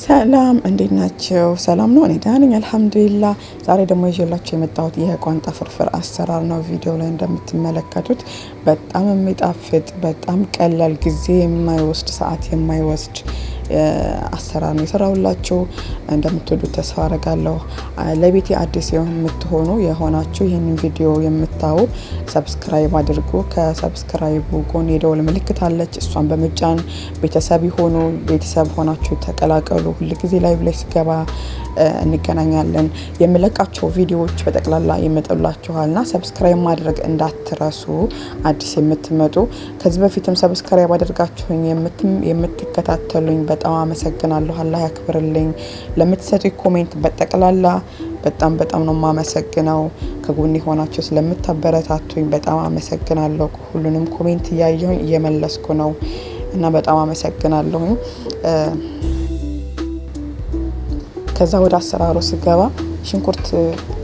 ሰላም እንዴት ናቸው? ሰላም ነው። እኔ ደህና ነኝ አልሐምዱሊላ። ዛሬ ደግሞ ይዤላችሁ የመጣሁት የቋንጣ ፍርፍር አሰራር ነው። ቪዲዮ ላይ እንደምትመለከቱት በጣም የሚጣፍጥ በጣም ቀላል ጊዜ የማይወስድ ሰዓት የማይወስድ አሰራር ነው የሰራሁላችሁ። እንደምትወዱት ተስፋ አረጋለሁ። ለቤቴ አዲስ የምትሆኑ የሆናችሁ ይህንን ቪዲዮ የምታዩ ሰብስክራይብ አድርጉ። ከሰብስክራይቡ ጎን የደወል ምልክት አለች። እሷን በመጫን ቤተሰብ የሆኑ ቤተሰብ ሆናችሁ ተቀላቀሉ። ሁልጊዜ ላይቭ ላይ ስገባ እንገናኛለን። የምለቃቸው ቪዲዮዎች በጠቅላላ ይመጡላችኋልና ሰብስክራይብ ማድረግ እንዳትረሱ። አዲስ የምትመጡ ከዚህ በፊትም ሰብስክራይብ አድርጋችሁኝ የምትከታተሉኝ በ በጣም አመሰግናለሁ። አላህ ያክብርልኝ። ለምትሰጡኝ ኮሜንት በጠቅላላ በጣም በጣም ነው የማመሰግነው። ከጎን የሆናችሁ ስለምታበረታቱኝ በጣም አመሰግናለሁ። ሁሉንም ኮሜንት እያየሁኝ እየመለስኩ ነው እና በጣም አመሰግናለሁኝ። ከዛ ወደ አሰራሩ ስገባ ሽንኩርት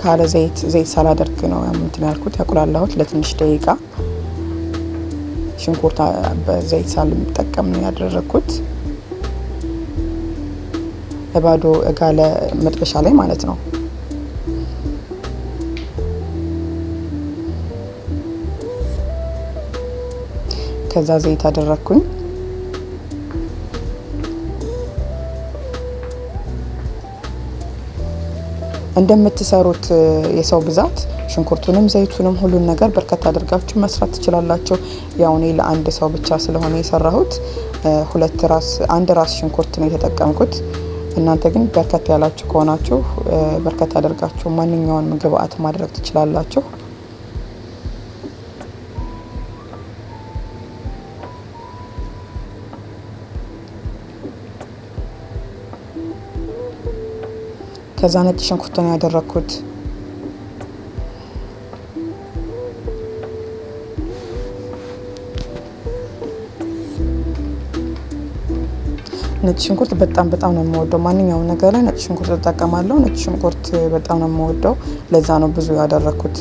ካለ ዘይት ዘይት ሳላደርግ ነው እንትን ያልኩት ያቁላላሁት ለትንሽ ደቂቃ ሽንኩርት በዘይት ሳልጠቀም ነው ያደረግኩት። በባዶ ጋለ መጥበሻ ላይ ማለት ነው። ከዛ ዘይት አደረግኩኝ። እንደምትሰሩት የሰው ብዛት ሽንኩርቱንም ዘይቱንም ሁሉን ነገር በርከት አድርጋችሁ መስራት ትችላላችሁ። ያው እኔ ለአንድ ሰው ብቻ ስለሆነ የሰራሁት ሁለት ራስ አንድ ራስ ሽንኩርት ነው የተጠቀምኩት። እናንተ ግን በርከት ያላችሁ ከሆናችሁ በርከት ያደርጋችሁ ማንኛውንም ግብአት ማድረግ ትችላላችሁ። ከዛ ነጭ ሽንኩርት ነው ያደረግኩት። ነጭ ሽንኩርት በጣም በጣም ነው የምወደው። ማንኛውም ነገር ላይ ነጭ ሽንኩርት እጠቀማለሁ። ነጭ ሽንኩርት በጣም ነው የምወደው። ለዛ ነው ብዙ ያደረኩት።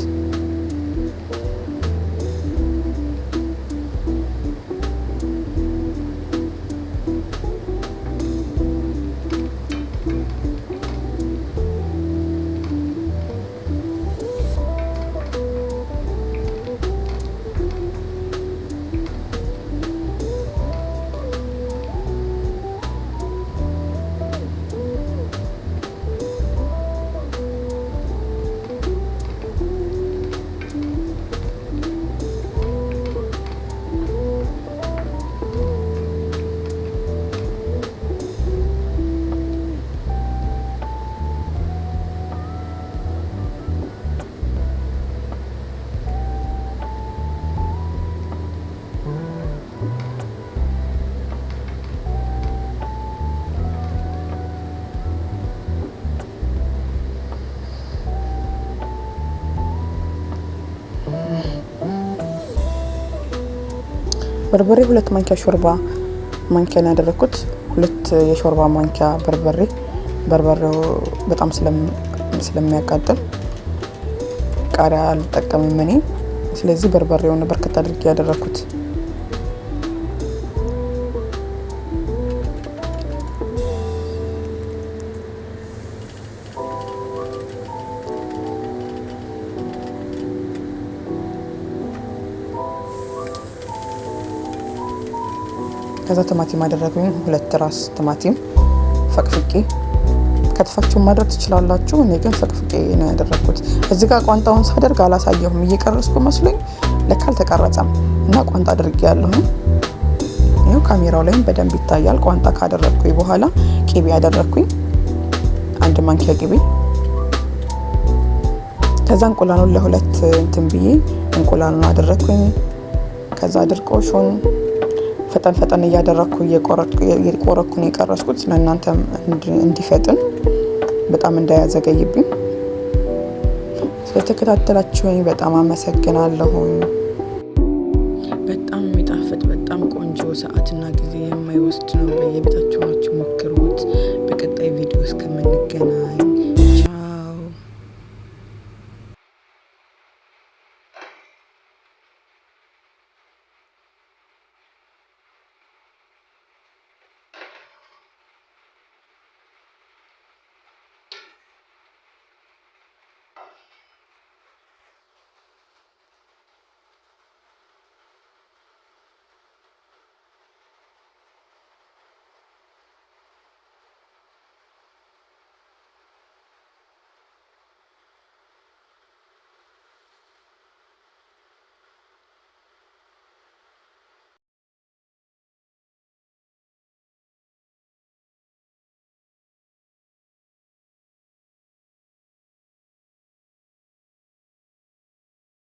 በርበሬ ሁለት ማንኪያ ሾርባ ማንኪያ ነው ያደረግኩት። ሁለት የሾርባ ማንኪያ በርበሬ። በርበሬው በጣም ስለሚያቃጥል ቃሪያ አልጠቀምም እኔ። ስለዚህ በርበሬውን በርከት አድርጌ ያደረግኩት ከዛ ቲማቲም አደረግኩኝ። ሁለት ራስ ቲማቲም ፈቅፍቄ ከትፋችሁን ማድረግ ትችላላችሁ። እኔ ግን ፈቅፍቄ ነው ያደረግኩት። እዚ ጋር ቋንጣውን ሳደርግ አላሳየሁም፣ እየቀረስኩ መስሎኝ ለካ አልተቀረጸም እና ቋንጣ አድርጌ ያለሁኝ ይኸው ካሜራው ላይም በደንብ ይታያል። ቋንጣ ካደረግኩኝ በኋላ ቅቤ ያደረግኩኝ አንድ ማንኪያ ቅቤ። ከዛ እንቁላሉን ለሁለት እንትን ብዬ እንቁላሉን አደረግኩኝ። ከዛ ድርቆሹን ፈጠን ፈጠን እያደረግኩ እየቆረኩ ነው የቀረስኩት። ለእናንተ እንዲፈጥን በጣም እንዳያዘገይብኝ። ስለተከታተላችሁኝ በጣም አመሰግናለሁ በጣም የሚጣፍጥ በጣም ቆንጆ ሰዓትና ጊዜ የማይወስድ ነው። በየቤታችሁ ሞክሩት። በቀጣይ ቪዲዮ እስከምንገናኝ